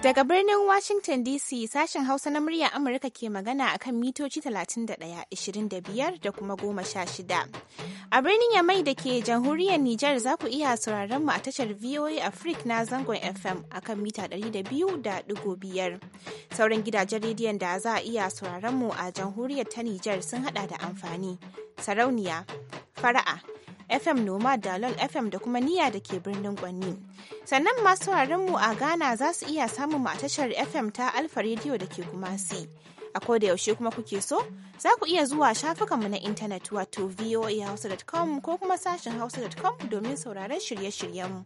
Daga birnin Washington DC sashen Hausa na murya Amurka ke magana a kan mitoci 31, 25 da kuma 16. A birnin Yamai da ke jamhuriyar Nijar za ku iya sauraron mu a tashar VOA Africa na zangon FM a kan mita 200.5. Sauran gidajen rediyon da za a iya sauraron mu a jamhuriyar ta Nijar sun hada da amfani, sarauniya, fara'a, FM Noma dalol FM da kuma niya da ke birnin Gwanni. Sannan masu mu a Ghana za su iya samun a tashar FM ta Alfa Radio da ke Kumasi. A da yaushe kuma kuke so, za ku iya zuwa shafukanmu na intanet wato voahausa.com ko kuma sashen hausa.com domin sauraron shirye-shiryenmu.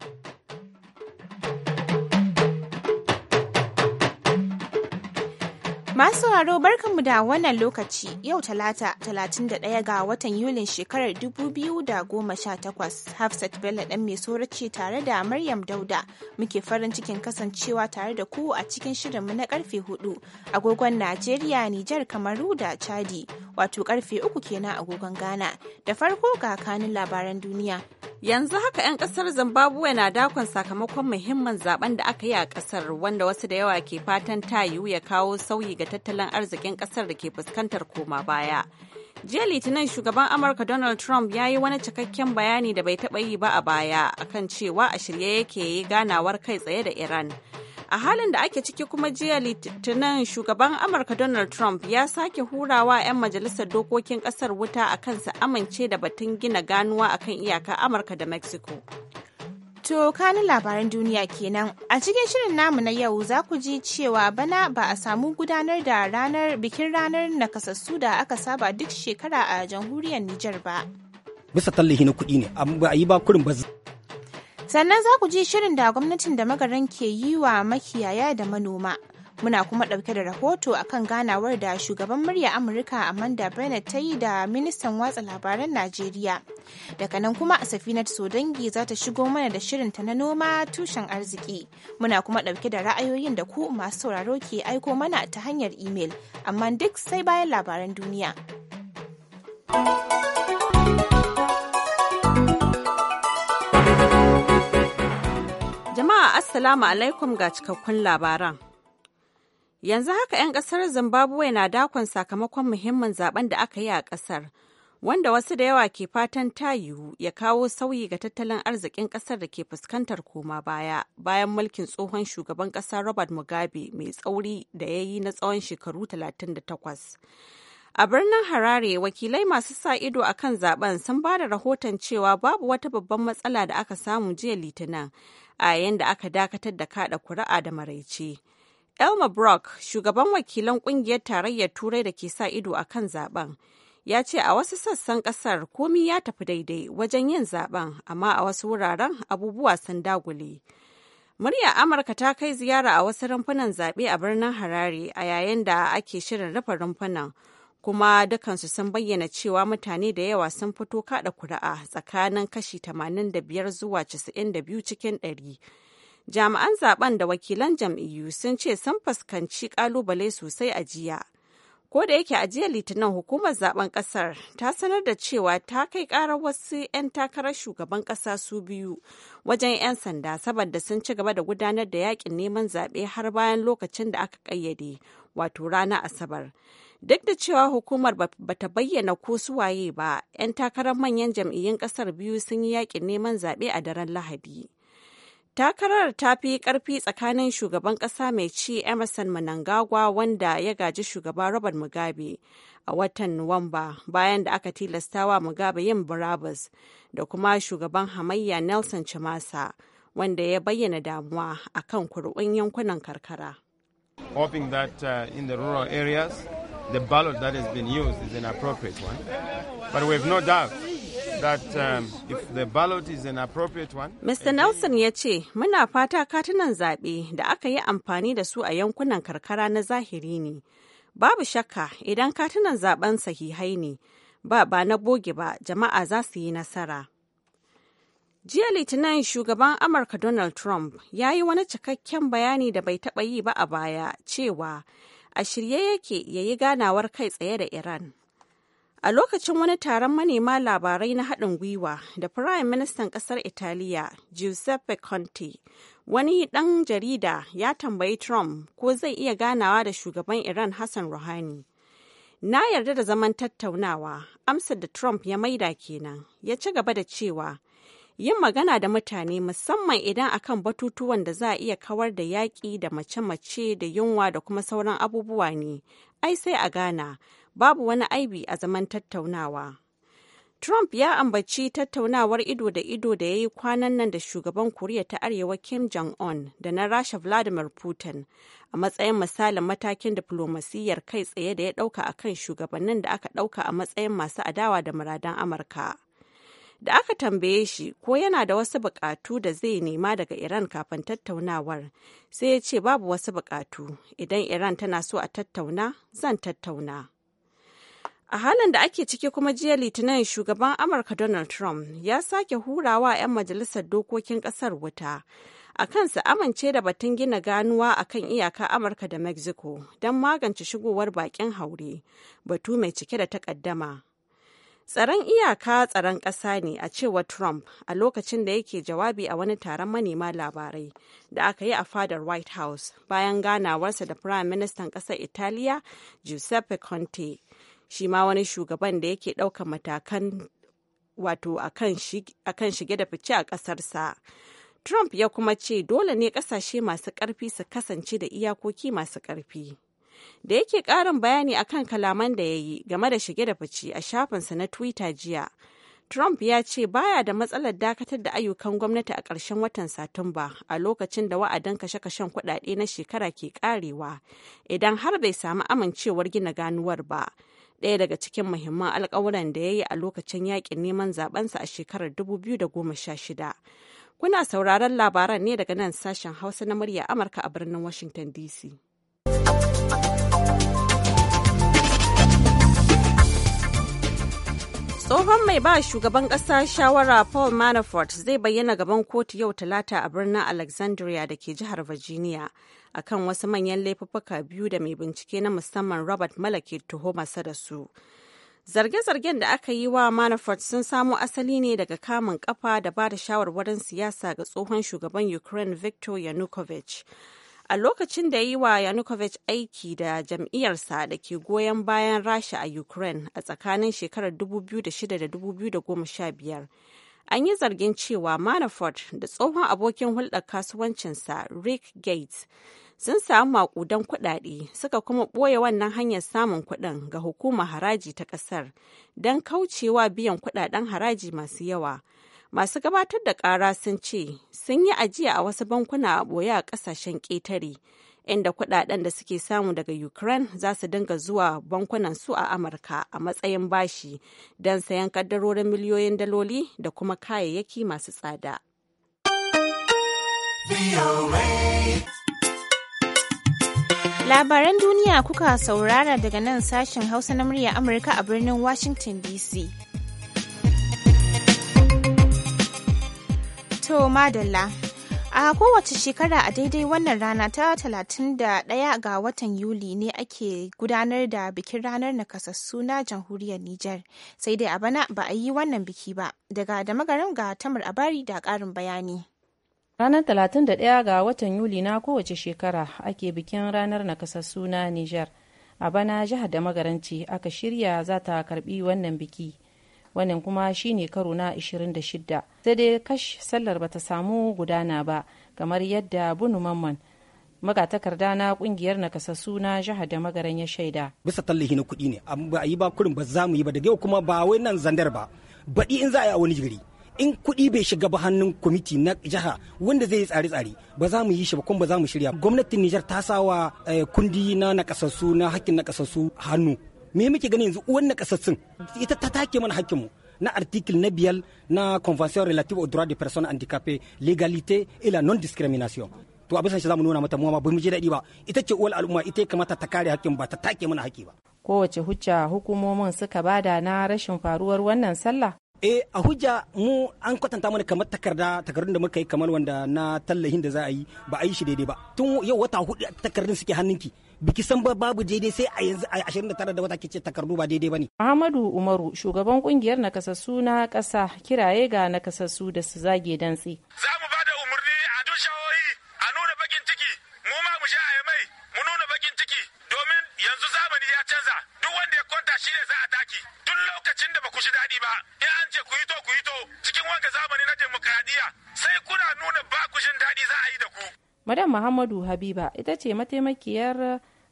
Masu sauraro barkanmu da wannan lokaci yau talata 31 ga watan Yulin shekarar 2018 Hafsat Bello ɗan mai ce tare da Maryam Dauda muke farin cikin kasancewa tare da ku a cikin shirinmu na karfe 4 agogon Najeriya, Nijar, Kamaru da Chadi wato karfe uku kenan agogon Ghana. Da farko ga kanin labaran duniya. Yanzu haka 'yan kasar Zimbabwe na dakon sakamakon muhimmin zaben da aka yi a kasar wanda wasu da yawa ke fatan ta ya kawo sauyi ga tattalin arzikin kasar da ke fuskantar koma baya. jiya litinin shugaban amurka donald trump ya yi wani cikakken bayani da bai taɓa yi ba a baya akan cewa a shirye yake yi ganawar kai tsaye da iran a halin da ake ciki kuma jiya litinin shugaban amurka donald trump ya sake hurawa 'yan majalisar dokokin kasar wuta a kansa amince da batun gina ganuwa akan iyaka amurka da mexico to kani labaran duniya kenan a cikin shirin namu na yau za ku ji cewa bana ba a samu gudanar da ranar bikin ranar nakasassu da aka saba duk shekara a jamhuriyar nijar ba bisa tallahi na kuɗi ne ba a yi ba kurin ba Sannan za ku ji shirin da gwamnatin da magaran ke yi wa makiyaya da manoma. Muna kuma ɗauke da rahoto akan ganawar da shugaban murya Amurka Amanda Bennett ta yi da ministan watsa labaran Najeriya. Daga nan kuma a safinat dangi za ta shigo mana da shirinta na noma tushen arziki. Muna kuma ɗauke da ra'ayoyin da ku masu sauraro ke aiko mana ta hanyar imel, amma duk sai bayan labaran duniya. Jama'a Assalamu alaikum ga cikakkun labaran. Yanzu haka 'yan kasar Zimbabwe na dakon sakamakon muhimmin zaben da aka yi a kasar, wanda wasu da yawa ke fatan ta yiwu ya kawo sauyi ga tattalin arzikin kasar da ke fuskantar koma baya bayan mulkin tsohon shugaban kasa Robert Mugabe mai tsauri da ya yi na tsawon shekaru 38. A birnin Harare, wakilai masu sa ido a kan zaben sun ba da rahoton cewa babu wata babban matsala da aka samu jiya Litinin a yayin da aka dakatar da kada kuri'a da maraice. Elma Brock, shugaban wakilan kungiyar tarayyar Turai da ke sa ido a kan zaben, ya ce a wasu sassan kasar komi ya tafi daidai wajen yin zaben, amma a wasu wuraren abubuwa sun dagule. Murya Amurka ta kai ziyara a wasu rumfunan zaɓe a birnin Harare a yayin da ake shirin rufe rumfunan. kuma dukansu sun bayyana cewa mutane da yawa sun fito kada kuri'a tsakanin kashi 85 zuwa 92 cikin 100 jami'an zaben da wakilan jam'iyyu sun ce sun fuskanci kalubale sosai a jiya ko da yake a jiya litinin hukumar zaben kasar ta sanar da cewa ta kai karar wasu 'yan takarar shugaban kasa su biyu wajen 'yan sanda saboda sun ci gaba da gudanar da yakin neman zaɓe har bayan lokacin da aka ƙayyade wato ranar asabar Duk da cewa hukumar bata bayyana ko su waye ba, 'yan takarar manyan jam'iyyun kasar biyu sun yi yakin neman zaɓe a daren Lahadi. Takarar ta fi ƙarfi tsakanin shugaban ƙasa mai ci Emerson Manangagwa wanda ya gaji shugaba Robert Mugabe a watan Nuwamba bayan da aka tilastawa Mugabe yin Barabas da kuma shugaban hamayya Nelson Chamasa wanda ya bayyana damuwa akan kurɓun yankunan karkara. Hoping that uh, rural areas the ballot that has been used is an appropriate one. But we have no doubt that um, if the ballot is an appropriate one. Mr. Nelson ya ce, Muna fata katunan zaɓe da aka yi amfani da su a yankunan karkara na zahiri ne. Babu shakka idan katunan zaɓen sahihai ne, ba ba na boge ba jama'a za su yi nasara. Jiya Litinin shugaban Amurka Donald Trump ya yi wani cikakken bayani da bai taɓa yi ba a baya cewa a shirye yake ya yi ganawar kai tsaye da Iran. A lokacin wani taron manema labarai na haɗin gwiwa da Firayim Ministan ƙasar Italiya Giuseppe Conte, wani ɗan jarida ya tambayi Trump ko zai iya ganawa da shugaban Iran Hassan Rouhani. Na yarda da zaman tattaunawa, amsar da Trump ya maida kenan, ya ci gaba da cewa yin magana da mutane musamman idan akan batutuwan da za a iya kawar da yaƙi da mace-mace da yunwa da kuma sauran abubuwa ne ai sai a gana babu wani aibi a zaman tattaunawa trump ya ambaci tattaunawar ido da ido da ya yi kwanan nan da shugaban koriya ta arewa kim jong-un da na rasha vladimir putin a matsayin misalin matakin diflomasiyyar kai tsaye da ya ɗauka akan shugabannin da aka ɗauka a matsayin masu adawa da muradan amurka da aka tambaye shi ko yana da wasu bukatu da zai nema daga iran kafin tattaunawar sai ya ce babu wasu bukatu idan iran tana so a tattauna zan tattauna a halin da ake ciki kuma jiya litinin shugaban amurka donald trump ya sake hurawa 'yan majalisar dokokin kasar wuta a kansa amince da batun gina ganuwa a kan iyaka amurka da mexico don magance shigowar bakin haure batu mai cike da takaddama Tsaron iyaka tsaron ƙasa ne a cewa Trump a lokacin da yake jawabi a wani taron manema labarai da aka yi a fadar White House bayan ganawarsa da Prime Minister ƙasar Italiya Giuseppe Conte. Shi ma wani shugaban da yake ɗaukar matakan wato a kan shige da fice a ƙasarsa. Trump ya kuma ce dole ne ƙasashe masu ƙarfi su kasance da iyakoki masu ƙarfi. da yake ƙarin bayani akan kalaman da ya yi game da shige da fice a shafinsa na twitter jiya trump ya ce baya da matsalar dakatar da ayyukan gwamnati a ƙarshen watan satumba a lokacin da wa'adin kashe-kashen kuɗaɗe na shekara ke ƙarewa idan har bai samu amincewar gina ganuwar ba daya daga cikin muhimman alkawuran da ya yi a lokacin yaƙin neman zabensa a shekarar 2016 kuna sauraron labaran ne daga nan sashen hausa na murya amurka a birnin washington dc Tsohon mai ba shugaban ƙasa shawara Paul Manafort zai bayyana gaban kotu yau talata a birnin Alexandria da ke jihar Virginia akan wasu manyan laifuffuka biyu da mai bincike na musamman Robert toho tuhumarsa da su. Zarge-zargen da aka yi wa Manafort sun samo asali ne daga kamun kafa da ba da shawarwarin siyasa ga tsohon shugaban Ukraine Viktor Yanukovych. a lokacin da yi wa Yanukovic aiki da jam'iyyarsa da ke goyon bayan rasha a ukraine a tsakanin shekarar 2006 2015 an yi zargin cewa manafort da tsohon abokin hulɗar kasuwancinsa rick gates sun samu makudan kuɗaɗe suka kuma ɓoye wannan hanyar samun kuɗin ga hukumar haraji ta ƙasar don kaucewa biyan kuɗaɗen haraji masu yawa masu gabatar da ƙara sun ce sun yi ajiya a wasu bankuna a ɓoye a ƙasashen ƙetare inda kuɗaɗen da suke samu daga ukraine za su dinga zuwa bankunan su a amurka a matsayin bashi don sayan ƙaddarorin miliyoyin daloli da kuma kayayyaki masu tsada. Labaran duniya kuka saurara daga nan sashen Hausa na murya Amurka a birnin Washington DC. To madalla. A kowace shekara a daidai wannan rana ta 31 ga watan Yuli ne ake gudanar da bikin ranar nakasassu na jamhuriyar Nijar. Sai dai a bana ba a yi wannan biki ba. Daga da magarin ga tamar abari da ƙarin bayani. Ranar 31 ga watan Yuli na kowace shekara ake bikin ranar nakasassu na Nijar. A bana jihar da magaranci aka shirya za ta karbi wannan biki. wannan kuma shi shine karo na 26 sai dai kash sallar bata samu gudana ba kamar yadda bunu mamman magatakarda na kungiyar nakasassu na jihar da magaran ya shaida bisa tallahi na kuɗi ne ba a yi ba kurin ba za mu yi ba da yau kuma ba wai nan zandar ba baɗi in za a yi a wani jiri in kuɗi bai shiga ba hannun kwamiti na jiha wanda zai yi tsare-tsare ba za mu yi shi ba kuma ba za mu shirya gwamnatin Nijar ta sawa eh, kundi na nakasassu na hakkin nakasassu hannu me muke gani yanzu wannan kasassun ita ta take mana hakkinmu na article na biyar na convention relative au droit des personnes handicapées l'égalité et la non discrimination to abin shi zamu nuna mata mu ma bai mu ji daɗi ba ita ce uwar al'umma ita ya kamata ta kare hakkin ba ta take mana hakki ba kowace hujja hukumomin suka bada na rashin faruwar wannan sallah eh a hujja mu an kwatanta mana kamar takarda takardun da muka yi kamar wanda na tallahin da za a yi ba a yi shi daidai ba tun yau wata hudu takardun suke hannunki biki san babu daidai sai a yanzu a 29 da wata ke takardu ba daidai bane Ahmadu Umaru shugaban kungiyar nakasassu na kasa kiraye ga nakasassu da su zage dantsi za mu ba da umarni a duk shawoyi a nuna bakin ciki mu ma mu sha mai mu nuna bakin ciki domin yanzu zamani ya canza duk wanda ya kwanta shi ne za a taki tun lokacin da ba ku shi daɗi ba in an ce ku yi to ku yi to cikin wanga zamani na demokradiyya sai kuna nuna ba ku shin daɗi za a yi da ku Madam Muhammadu Habiba ita ce mataimakiyar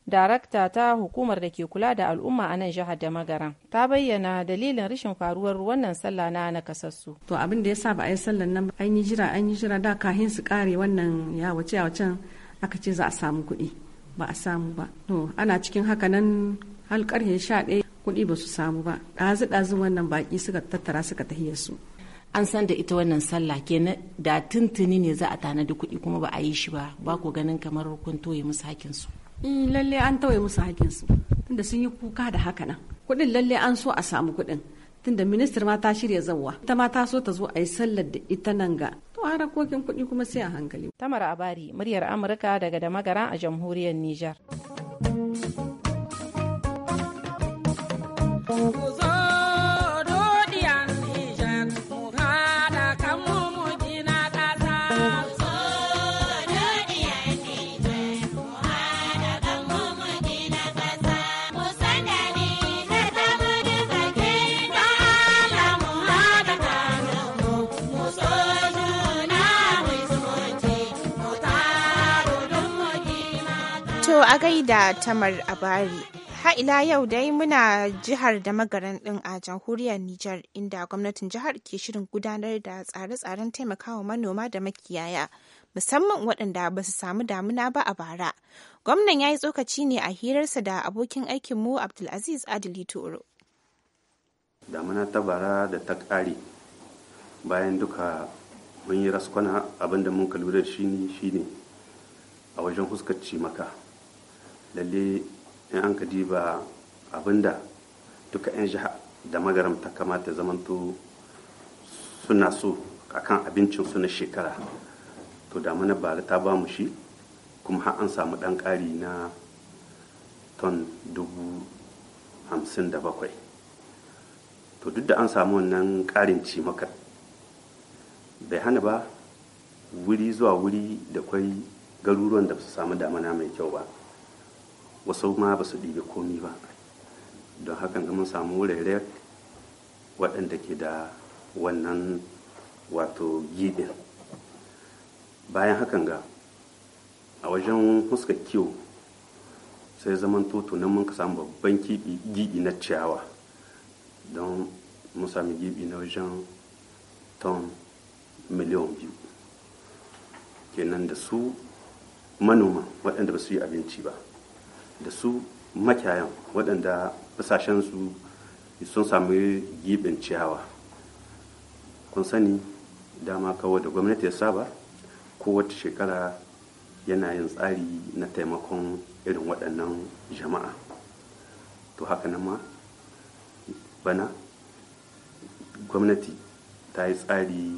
darakta ta hukumar da ke kula da al'umma a nan jihar da magaran ta bayyana dalilin rashin faruwar wannan sallah na nakasassu to abin da ya sa ba a yi sallan nan an yi jira an yi jira da kahin su kare wannan ya wace ya wacen aka ce za a samu kuɗi ba a samu ba to ana cikin haka nan har karhe sha ɗaya kuɗi ba su samu ba ɗazu ɗazu wannan baƙi suka tattara suka tahiyar su an san da ita wannan sallah kenan da tuntuni ne za a tanadi kuɗi kuma ba a yi shi ba ba ku ganin kamar kun toye musu hakin su Mm, lalle an tawaye musu hakinsu tunda sun yi kuka da haka nan kuɗin lalle an so a samu kuɗin tunda ministar ma ta shirya zawa ita ma ta so ta zo a yi sallar da ita nan ga to harakokin kuɗi kuma sai a hankali tamara abari muryar amurka daga da magara a jamhuriyar niger da tamar abari ila yau dai muna jihar da magaran din a jamhuriyar Nijar inda gwamnatin jihar ke shirin gudanar da tsare-tsaren taimakawa manoma da makiyaya musamman waɗanda ba su samu damuna ba a bara. Gwamnan ya yi tsokaci ne a hirarsa da abokin aikinmu Abdulaziz Adili Toro. Damuna ta bara da ta ƙare bayan duka mun yi raskwana abinda mun kalbi da shi ne a wajen huskar maka. lalle in an ka diba abinda duka 'yan jiha da magaram ta kamata zamanto suna so a kan abincin suna shekara to da mana ta ba mu shi kuma har an samu ɗan kari na ton dubu hamsin da bakwai to duk da an samu wannan ƙarin maka bai hana ba wuri zuwa wuri da kwai garuruwan da su samu damana mai kyau ba wasu ma ba su ɗibi komi ba don hakan mun samu wurare waɗanda ke da wannan wato giɓin bayan hakan ga a wajen huskar kiwo sai zaman toto nan mun samu babban giɓi na ciyawa don mun sami giɓi na wajen ton miliyan biyu kenan da su manoma waɗanda ba su yi abinci ba da su makiyayan waɗanda su sun sami gibin ciyawa kun sani dama kawai da gwamnati ya saba kowace shekara yana yin tsari na taimakon irin waɗannan jama'a to haka nan ma bana gwamnati ta yi tsari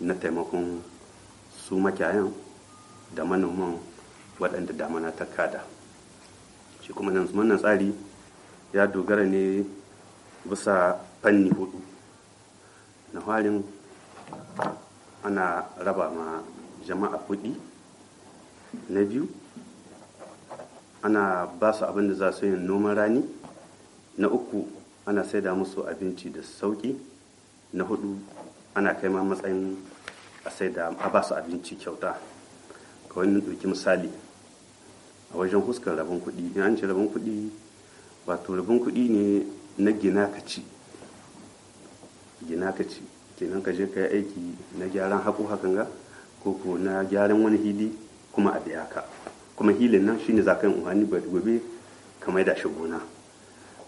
na taimakon su makiyayan da manoman waɗanda damana ta kada shi kuma nan wannan tsari ya dogara ne bisa fanni hudu na harin ana raba ma jama'a kuɗi na biyu ana ba su abin da za su yin noman rani na uku ana saida musu abinci da sauƙi na hudu ana kai ma matsayin a saida a ba su abinci kyauta wani doki misali a wajen huskar rabon kuɗi in an ce rabon kuɗi wato rabon kuɗi ne na gina ka ci gina ka ci kenan ka je ka yi aiki na gyaran haƙo hakan ga ko na gyaran wani hili kuma a biya ka kuma hilin nan shine za ka yi umarni gobe ka mai da shi gona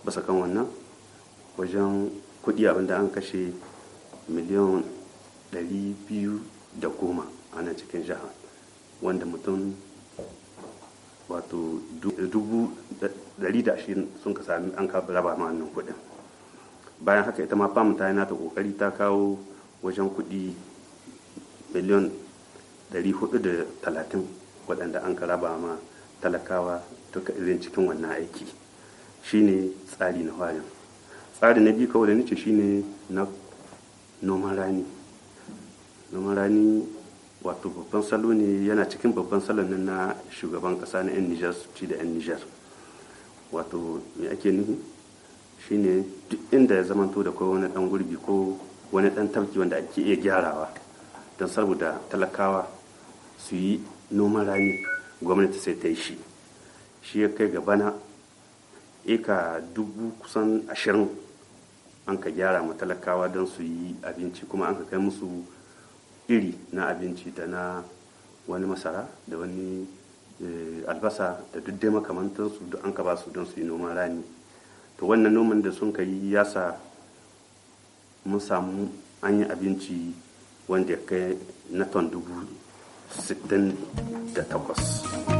basa kan wannan wajen kuɗi abinda an kashe miliyan ɗari biyu da goma ana cikin jihar wanda mutum wato dubu dari da ashirin sun ka sami an ka raba ma wannan kuɗin bayan haka ita ma famu ta yana ta kokari ta kawo wajen kuɗi miliyan dari hudu da talatin waɗanda an ka raba ma talakawa duka irin cikin wannan aiki shine tsari na wayan tsari na biyu kawai da shi shine na noman rani noman rani wato babban salo ne yana cikin babban salon nan na shugaban kasa na 'yan nijar su ci da 'yan nijar wato me ake nufi shine duk inda ya zamanto da kawai wani dan gurbi ko wani dan tafki wanda ake iya gyarawa don saboda talakawa su yi noman rani gwamnati sai ta yi shi shi ya kai gaba na eka dubu kusan ashirin an ka gyara ma talakawa don su yi abinci kuma an ka kai musu iri na abinci da na wani masara da wani eh, albasa da duk dai makamantansu duk an ka ba su don su yi noman rani to wannan noman da sun ka yi ya sa mun samu an yi abinci wanda ya kai na ton dubu 68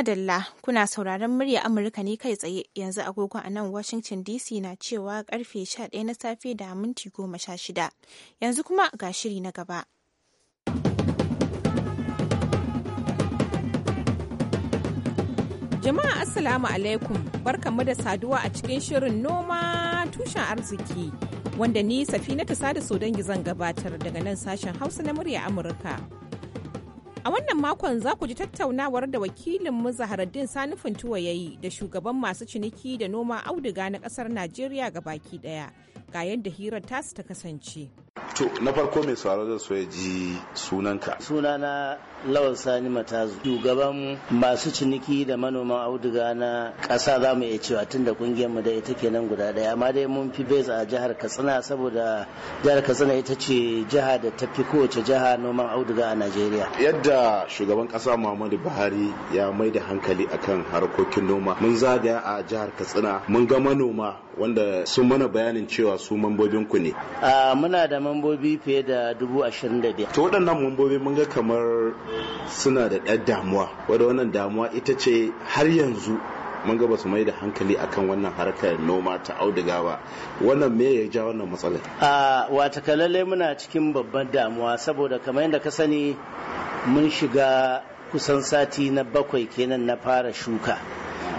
dalla kuna sauraron murya Amurka ne kai tsaye yanzu agogo a nan Washington DC na cewa karfe 11 na safe da minti 16. Yanzu kuma ga shiri na gaba. Jama'a Assalamu alaikum barkanmu da saduwa a cikin shirin noma tushen arziki wanda ni safi na ta Sada so dangi zan gabatar daga nan sashen Hausa na murya Amurka. A wannan makon za ku ji tattaunawar da wakilin mu Zaharaddin Sani Funtuwa ya yi da shugaban masu ciniki da noma auduga na ƙasar Najeriya ga baki ɗaya. Ga yadda hirar tasu ta kasance. To na farko mai sauraro da so ya ji sunanka. na Lawan Sani Matazu, shugaban masu ciniki da manoman auduga na ƙasa za mu iya cewa tun da kungiyar mu da ita ke nan guda ɗaya amma dai mun fi beza a jihar Katsina saboda jihar Katsina ita ce jiha da ta fi kowace jiha noman auduga a Najeriya. Yadda shugaban ƙasa Muhammadu Buhari ya mai da hankali akan harkokin noma mun zagaya a jihar Katsina mun ga manoma wanda sun mana bayanin cewa su mambobin ku ne muna da mambobi fiye da dubu ashirin da biyar to waɗannan mambobi mun ga kamar suna da ɗan damuwa wadda wannan damuwa ita ce har yanzu mun ga basu mai da hankali akan wannan harkar noma ta auduga ba wannan me ya ja wannan matsalar a wata kalale muna cikin babban damuwa saboda kamar yadda ka sani mun shiga kusan sati na bakwai kenan na fara shuka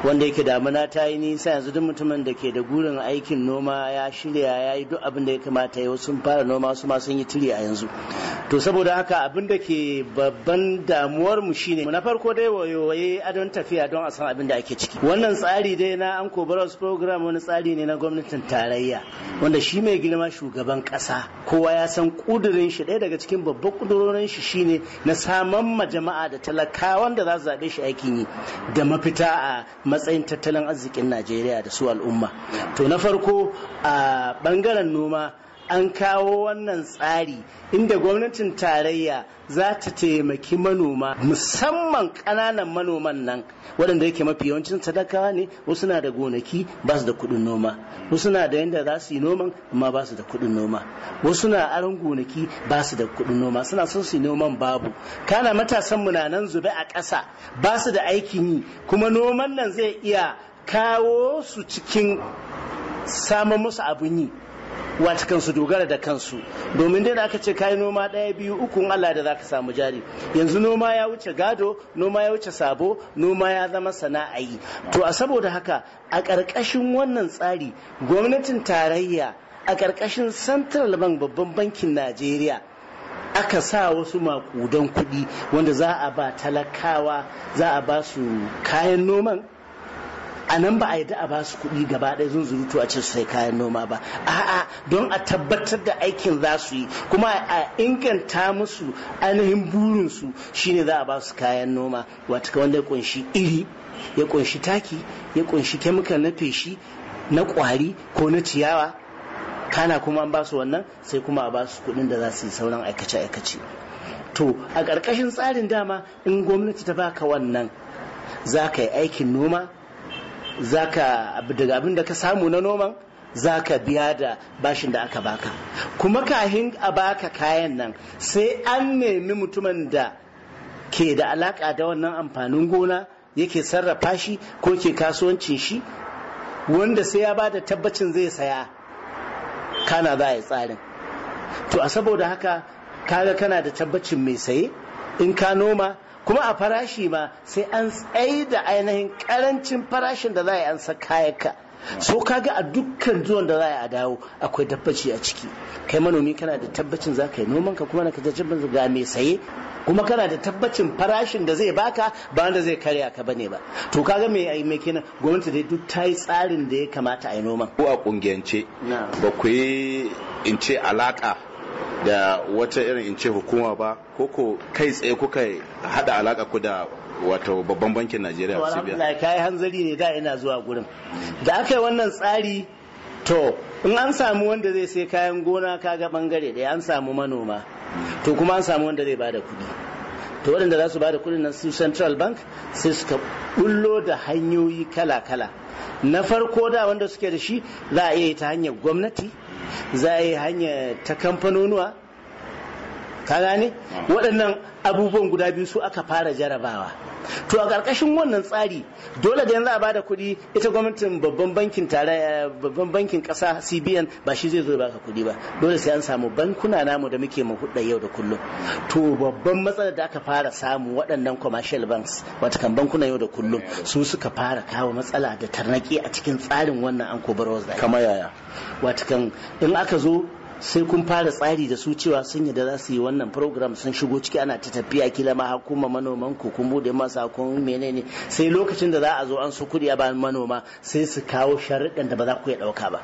wanda yake damuna ta yi nisa yanzu duk mutumin da ke da gurin aikin noma ya shirya ya yi duk abin da ya kamata yau sun fara noma su ma sun yi tiri a yanzu to saboda haka abin da ke babban damuwar mu shine na farko dai wayoyi adon tafiya don a san abin da ake ciki wannan tsari dai na an kobaros program wani tsari ne na gwamnatin tarayya wanda shi mai girma shugaban kasa kowa ya san kudurin shi ɗaya daga cikin babban kudurorin shi shine na saman ma jama'a da talakawan da za su zaɓe shi aikin yi da mafita a matsayin tattalin arzikin najeriya da su al'umma to na farko a bangaren noma an kawo wannan tsari inda gwamnatin tarayya za ta taimaki manoma musamman ƙananan manoman nan waɗanda yake mafi yawancin sadakawa ne wasu na da gonaki ba su da kuɗin noma wasu na da yadda za su yi noman amma ba su da kuɗin noma wasu na aron gonaki ba su da kuɗin noma suna son su yi noman babu kana matasan mu na nan zube a ƙasa ba su da aikin yi kuma noman nan zai iya kawo su cikin samun musu abin yi wata kansu dogara da kansu domin dai da aka ce kayi noma ɗaya biyu uku Allah da zaka samu jari yanzu noma ya wuce gado noma ya wuce sabo noma ya zama sana'a yi to a saboda haka a ƙarƙashin wannan tsari gwamnatin tarayya a ƙarƙashin central bank babban bankin najeriya aka sa wasu makudan kuɗi wanda za a ba talakawa za a ba su kayan noman a nan ba a yi a ba su kuɗi gaba ɗaya zurutu a ce su sai kayan noma ba a'a don a tabbatar da aikin za su yi kuma a inganta musu ainihin burinsu shine za a ba su kayan noma wata wanda ya kunshi iri ya kunshi taki ya kunshi kemikal na feshi na ƙwari ko na ciyawa kana kuma an ba su wannan sai kuma a ba su kuɗin da za su yi sauran aikace-aikace to a ƙarƙashin tsarin dama in gwamnati ta baka wannan za ka yi aikin noma zaka daga abin da ka samu na noman zaka biya da bashin da aka baka kuma kahin a baka kayan nan sai an nemi mutumin da ke da alaka da wannan amfanin gona yake sarrafa shi ko ke kasuwancin shi wanda sai ya ba da tabbacin zai saya kana za a yi tsarin to a saboda haka kaga kana da tabbacin mai saye in ka noma kuma a farashi ma sai an tsaye da ainihin karancin farashin da za a yi an kayaka so kaga a dukkan zuwan da za a dawo akwai tabbaci a ciki kai manomi kana da tabbacin za ka yi noman ka kuma na kaga jibin ga mai saye kuma kana da tabbacin farashin da zai baka ba wanda zai karya ka bane ba to kaga me ai me kenan gwamnati dai duk ta yi tsarin da ya kamata a yi noman ko a kungiyance ba ku yi in ce alaka da wata irin in ce hukuma ba ko ko kai tsaye kuka hada alaka ku da wato babban bankin Najeriya CBN kai hanzari ne da ina zuwa gurin da aka yi wannan tsari to in an samu wanda zai sai kayan gona kaga bangare daya an samu manoma to kuma an samu wanda zai bada kuɗi to waɗanda za su bada kuɗi nan su central bank sai suka bullo da hanyoyi kala-kala na farko da wanda suke da shi za a iya yi ta hanyar gwamnati za a yi hanya ta kamfanonuwa ka gane waɗannan abubuwan guda biyu su aka fara jarabawa to a ƙarƙashin wannan tsari dole da yanzu a bada kuɗi ita gwamnatin babban bankin tare babban bankin ƙasa CBN ba shi zai zo baka kuɗi ba dole sai an samu bankuna namu da muke mu hudda yau da kullum to babban matsalar da aka fara samu waɗannan commercial banks watakan bankuna yau da kullum su suka fara kawo matsala da tarnaki a cikin tsarin wannan an kobar kama yaya watakan in aka zo sai kun fara tsari da su cewa sun da za su yi wannan program sun shigo ciki ana ta tafiya kila ma hakuma manoman ku kun bude masa kun menene sai lokacin da za a zo an su kudi a bayan manoma sai su kawo sharuɗan da ba za ku ya ɗauka ba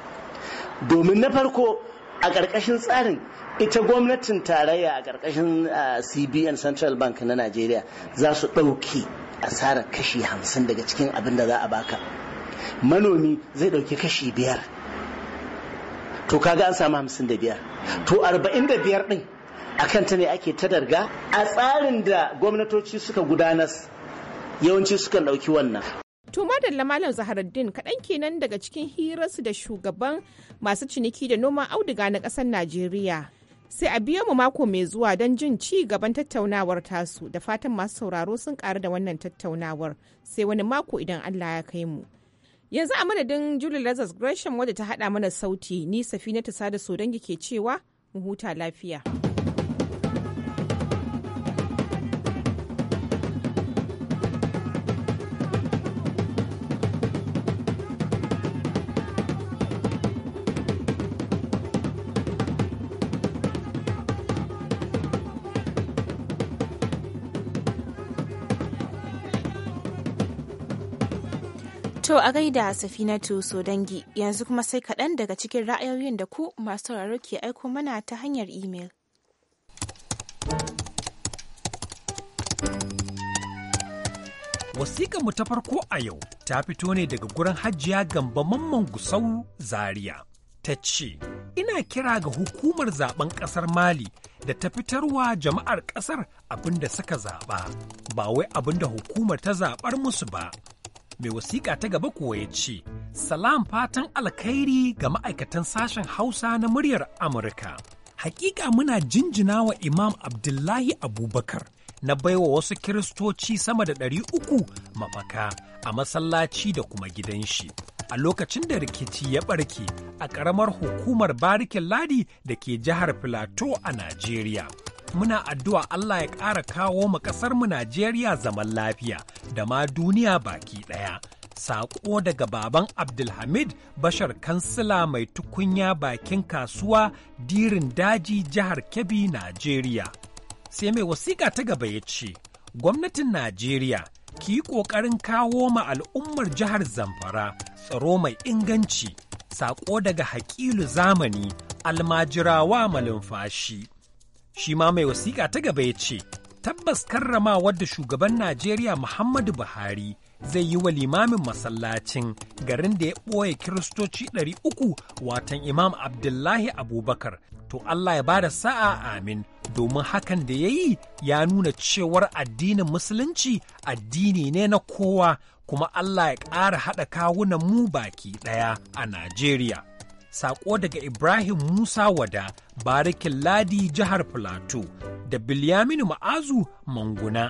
domin na farko a ƙarƙashin tsarin ita gwamnatin tarayya a ƙarƙashin cbn central bank na najeriya za su ɗauki asarar kashi hamsin daga cikin abin da za a baka manomi zai ɗauki kashi biyar to kaga an samu hamsin da biyar to arba'in da biyar din a kanta ne ake ta darga a tsarin da gwamnatoci suka gudanar yawanci sukan ɗauki wannan To madalla Malam Zaharaddin kaɗan kenan daga cikin hirarsu da shugaban masu ciniki da noman auduga na ƙasar Najeriya. Sai a biyo mu mako mai zuwa don jin ci gaban tattaunawar tasu da fatan masu sauraro sun ƙaru da wannan tattaunawar sai wani mako idan Allah ya kai mu. Yanzu a madadin Julie Lazarus Gresham wadda ta haɗa mana sauti ni Safina ta sada dangi ke cewa mu huta lafiya. a gaida Safinatu dangi, yanzu kuma sai kaɗan daga cikin ra'ayoyin da ku masu sauraro ke aiko mana ta hanyar imel. mu ta farko a yau ta fito ne daga gurin hajiya gamba mamman gusau zaria ta ce ina kira ga hukumar zaben ƙasar mali da ta fitarwa jama'ar ƙasar abin da suka zaɓa ba wai abin da hukumar ta zaɓar musu ba mai wasiƙa ta gaba kuwa ya ce, Salam fatan alkhairi ga ma'aikatan sashen Hausa na muryar Amurka. Hakika muna jinjina wa Imam Abdullahi Abubakar na baiwa wasu Kiristoci sama da ɗari uku mafaka a masallaci da kuma gidan shi. A lokacin da rikici ya ɓarke a ƙaramar hukumar barikin ladi da ke jihar Filato a Najeriya. muna addu'a Allah ya ƙara kawo mu ƙasarmu Najeriya zaman lafiya da ma duniya baki ɗaya. Saƙo daga baban Abdulhamid Bashar Kansila mai tukunya bakin kasuwa dirin daji jihar Kebbi, Najeriya. Sai mai wasiƙa ta gaba ya ce, Gwamnatin Najeriya ki yi ƙoƙarin kawo ma al'ummar jihar Zamfara tsaro mai inganci, saƙo daga haƙilu zamani almajirawa malumfashi. Shi ma mai wasiƙa ta gaba ya ce, tabbas karrama wadda shugaban Najeriya Muhammadu Buhari zai yi wa limamin masallacin garin da ya ɓoye kiristoci 300 watan Imam Abdullahi Abubakar. To Allah ya bada sa'a amin domin hakan da ya yi ya nuna cewar addinin musulunci addini ne na kowa kuma Allah ya ƙara haɗa kawunan mu baki ɗaya a Najeriya. Saƙo daga Ibrahim Musa Wada, Barikin Ladi jihar Filato da Bilyaminu Ma'azu Manguna.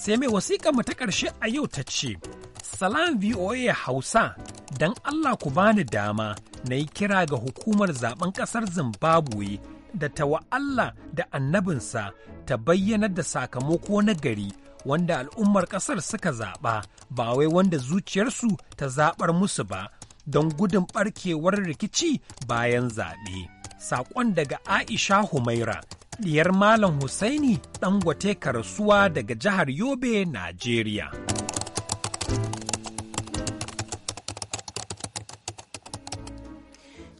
Sai mai wasiƙa mu ta ƙarshe a yau ta ce, Salam VOA Hausa, don Allah ku bani dama na yi kira ga hukumar zaben ƙasar Zimbabwe da ta wa Allah da annabinsa ta bayyanar da sakamako na gari wanda al'ummar ƙasar suka zaɓa ba wai wanda zuciyarsu ta zaɓar musu ba don gudun barkewar rikici bayan zaɓe. Saƙon daga Aisha Humaira, ɗiyar Malam Husaini Dangote Karasuwa daga jihar Yobe, Najeriya.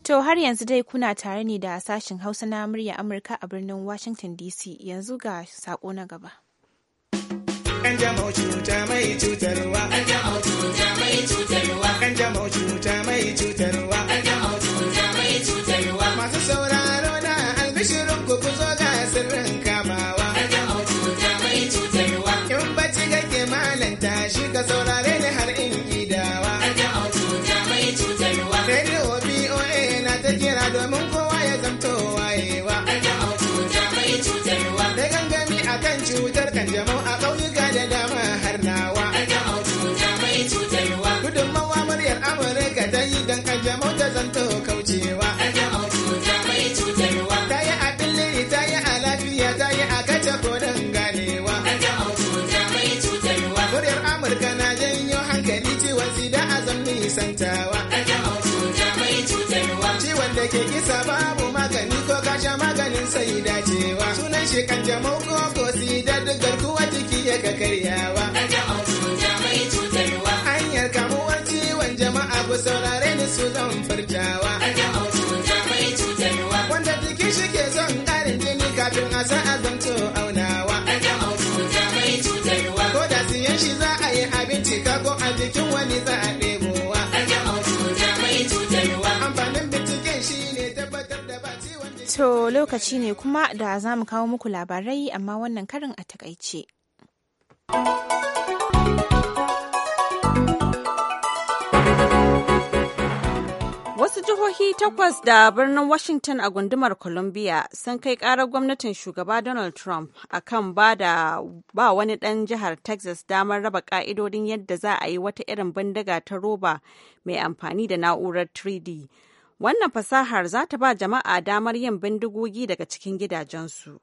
To har yanzu dai kuna tare ne da sashen Hausa na murya Amurka a birnin Washington DC yanzu ga saƙo na gaba. Kanjamau cuta mai cutarwa. Kanjamau cuta mai cutarwa. Kanjamau cuta mai cutarwa. Kanjamau cuta mai cutarwa. Masu sauraro na albishirin ku ku zo ga sirrin kamawa. Kanjamau cuta mai cutarwa. In bacci kake malanta shi ka saurare da ke kisa babu magani ko kasha maganin sai dacewa sunan shi kan jamau ko ko da duk garkuwa jiki ya ka karyawa hanyar kamuwar ciwon jama'a ku saurare ni su zan furtawa wanda jiki shi ke son karin jini kafin a sa a zanto aunawa ko da siyan shi za a yi abinci ka ko a jikin wani za a ɗaya lokaci ne kuma da za mu kawo muku labarai amma wannan karin a takaice. Wasu jihohi takwas da birnin Washington a gundumar Columbia sun kai karar gwamnatin shugaba Donald Trump a kan ba da ba wani ɗan jihar Texas damar raba ƙa'idodin yadda za a yi wata irin bindiga ta roba mai amfani da na'urar 3D Wannan fasahar za ta ba jama'a damar yin bindigogi daga cikin gidajensu.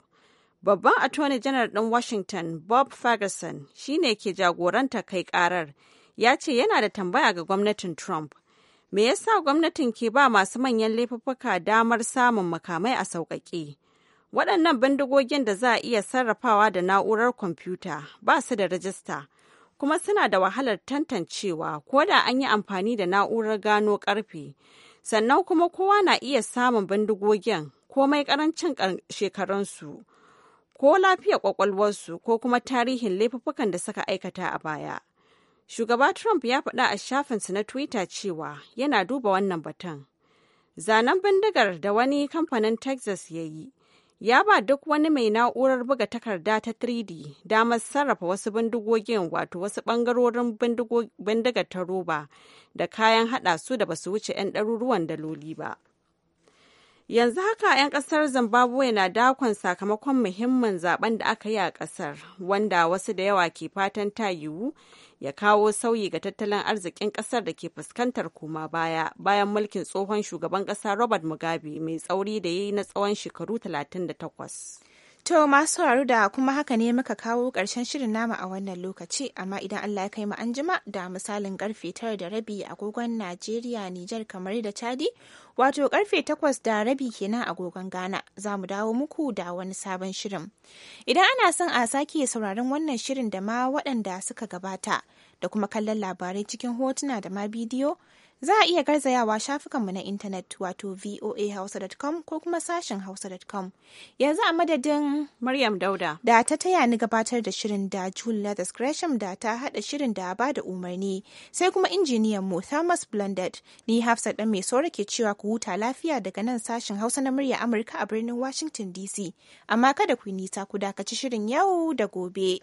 Babban Attorney General ɗin Washington Bob Ferguson shi ne ke jagoranta kai ƙarar, ya ce yana da tambaya ga gwamnatin Trump. Me yasa gwamnatin ke ba masu manyan laifuffuka damar samun makamai a sauƙaƙe? Waɗannan bindigogin da za a iya sarrafawa da na'urar kwamfuta ba su da rajista. kuma suna da wahalar tantancewa ko da an yi amfani da na'urar gano ƙarfe sannan kuma kowa na iya samun bindigogin komai karancin shekarunsu ko lafiyar kwakwalwarsu ko kuma tarihin laifuffukan da suka aikata a baya shugaba trump ya faɗa a shafinsa na twitter cewa yana duba wannan batun zanen bindigar da wani kamfanin texas ya yi ya ba duk wani mai na'urar buga takarda ta 3D damar sarrafa wasu bindigogin wato wasu bangarorin bindiga ta roba da kayan hada su da basu wuce 'yan ɗaruruwan daloli ba. Yanzu haka 'yan ƙasar Zimbabwe na dakon sakamakon muhimmin zaben da aka yi a ƙasar, wanda wasu da yawa ke fatan ta yiwu ya kawo sauyi ga tattalin arzikin kasar da ke fuskantar koma baya bayan mulkin tsohon shugaban ƙasa Robert Mugabe mai tsauri da ya yi na tsawon shekaru 38. To masu sauraro da kuma haka ne muka kawo ƙarshen shirin nama a wannan lokaci, amma idan Allah ya kai mu anjima da misalin karfe tara da rabi agogon Najeriya, Nijar kamar da Chadi, wato karfe takwas da rabi kenan agogon Ghana za mu dawo muku da wani sabon shirin. Idan ana son a sake sauraron wannan shirin da ma waɗanda suka gabata da kuma kallon labarai cikin hotuna da ma bidiyo Za a iya garzayawa shafukanmu na intanet wato voahausa.com ko kuma sashen hausa.com. Yanzu a madadin Maryam Dauda. Da ta taya ni gabatar da shirin da Julia Discretion da ta haɗa shirin da ba da umarni. Sai kuma injiniyan mu Thomas Blended ni hafsa ɗan mai saura ke cewa ku huta lafiya daga nan sashen Hausa na murya Amurka a birnin Washington DC. Amma kada ku nisa ku dakaci shirin yau da gobe.